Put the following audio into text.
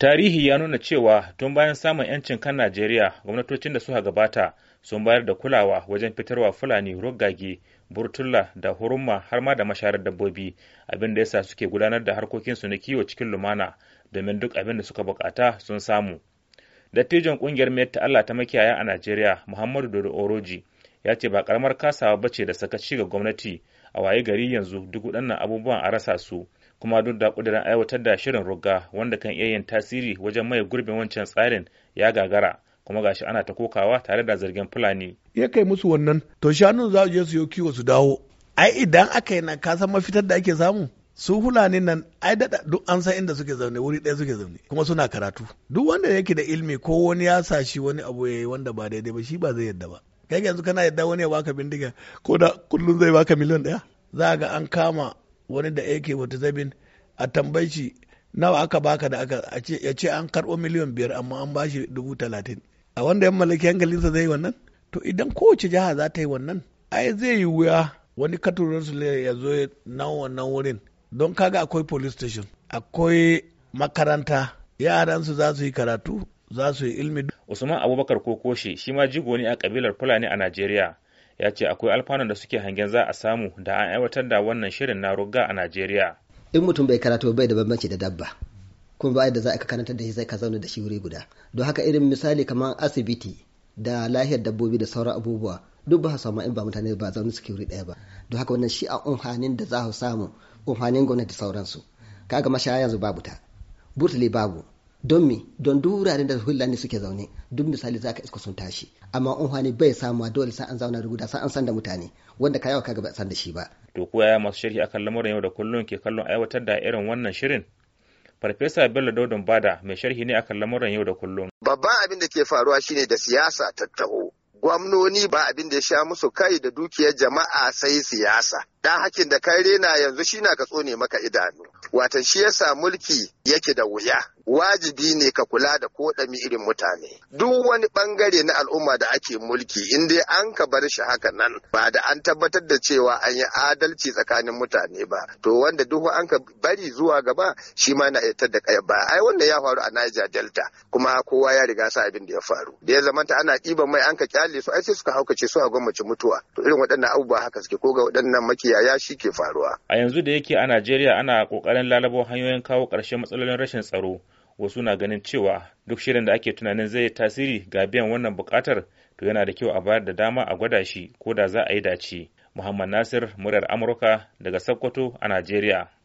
Tarihi ya nuna cewa tun bayan samun 'yancin kan Najeriya gwamnatocin da suka gabata sun bayar da kulawa wajen fitarwa Fulani rogage, burtula da hurumma har ma da masharar dabbobi abin da yasa suke gudanar da harkokinsu na kiwo cikin lumana domin duk abin da suka bukata sun samu. Dattijon ƙungiyar mayar ta Allah ta makiyaya a Najeriya Muhammadu Dodo Oroji ya ce ba karamar kasawa ba ce da sakaci ga gwamnati a waye gari yanzu duk waɗannan abubuwan a rasa su kuma duk da kudirin aiwatar da shirin rugga wanda kan iya yin tasiri wajen mai gurbin wancan tsarin ya gagara kuma gashi ana ta kokawa tare da zargin fulani ya kai musu wannan to shanun za su je su yi kiwo su dawo ai idan aka yi nan ka san mafitar da ake samu su fulani nan ai dada duk an san inda suke zaune wuri ɗaya suke zaune kuma suna karatu duk wanda yake da ilimi ko wani ya sashi wani abu ya yi wanda ba daidai ba shi ba zai yadda ba kai yanzu kana yadda wani ya baka bindiga ko da kullum zai baka miliyan ɗaya za ga an kama wani da yake zabin a tambayi nawa aka baka da aka ya ce an karɓo miliyan biyar amma an ba shi dubu talatin a wanda yan mallaki hankalinsa zai yi wannan to idan kowace jiha za ta yi wannan ai zai yi wuya wani katurar su ya zo nan wannan wurin don kaga akwai police station akwai makaranta yaransu za su yi karatu za su yi ilmi usman abubakar kokoshe shi ma jigo ne a kabilar fulani a najeriya ya ce akwai alfanun da suke hangen za a samu da an aiwatar da wannan shirin na rugga a najeriya in mutum bai karatu bai da bambanci da dabba kuma ba da za a karanta da shi sai ka zauna da shi wuri guda don haka irin misali kamar asibiti da lahiyar dabbobi da sauran abubuwa duk ba samu in ba mutane ba zaune suke wuri ɗaya ba don haka wannan shi a umfanin da za su samu umfanin gwamnati sauransu kaga mashaya yanzu babu ta burtali babu don me don duk wuraren da hulani suke zaune duk misali zaka iska sun tashi amma unhwani bai samuwa dole sai an zauna da guda sai an san da mutane wanda ka yawa kaga ba san da shi ba to ko yaya masu sharhi akan lamarin yau da kullum ke kallon aiwatar da irin wannan shirin farfesa bello Dodon bada mai sharhi ne akan lamarin yau da kullum babban abin da ke faruwa shine da siyasa taho. gwamnoni ba abin da ya sha musu kai da dukiyar jama'a sai siyasa dan hakin da kai rena yanzu shi na ka tsone maka idanu watan shi yasa mulki yake da wuya wajibi ne ka kula da ko ɗami irin mutane duk wani ɓangare na al'umma da ake mulki in dai an ka bar shi haka nan ba da an tabbatar da cewa an yi adalci tsakanin mutane ba to wanda duk an ka bari zuwa gaba shi ma na yatar da kai ba ai wanda ya faru a Niger Delta kuma kowa ya riga sa abin da ya faru da ya zamanta ana ɗiban mai an ka kyale su ai sai suka haukace su a gwamnati mutuwa to irin waɗannan abubuwa haka suke ko ga waɗannan makiyaya shi ke faruwa a yanzu da yake a Najeriya ana ƙoƙarin lalabo hanyoyin kawo ƙarshen matsalar matsalolin rashin tsaro wasu na ganin cewa duk shirin da ake tunanin zai tasiri ga biyan wannan bukatar to yana da kyau a bayar da dama a gwada shi ko da za a yi dace muhammad nasir muryar amurka daga sokoto a najeriya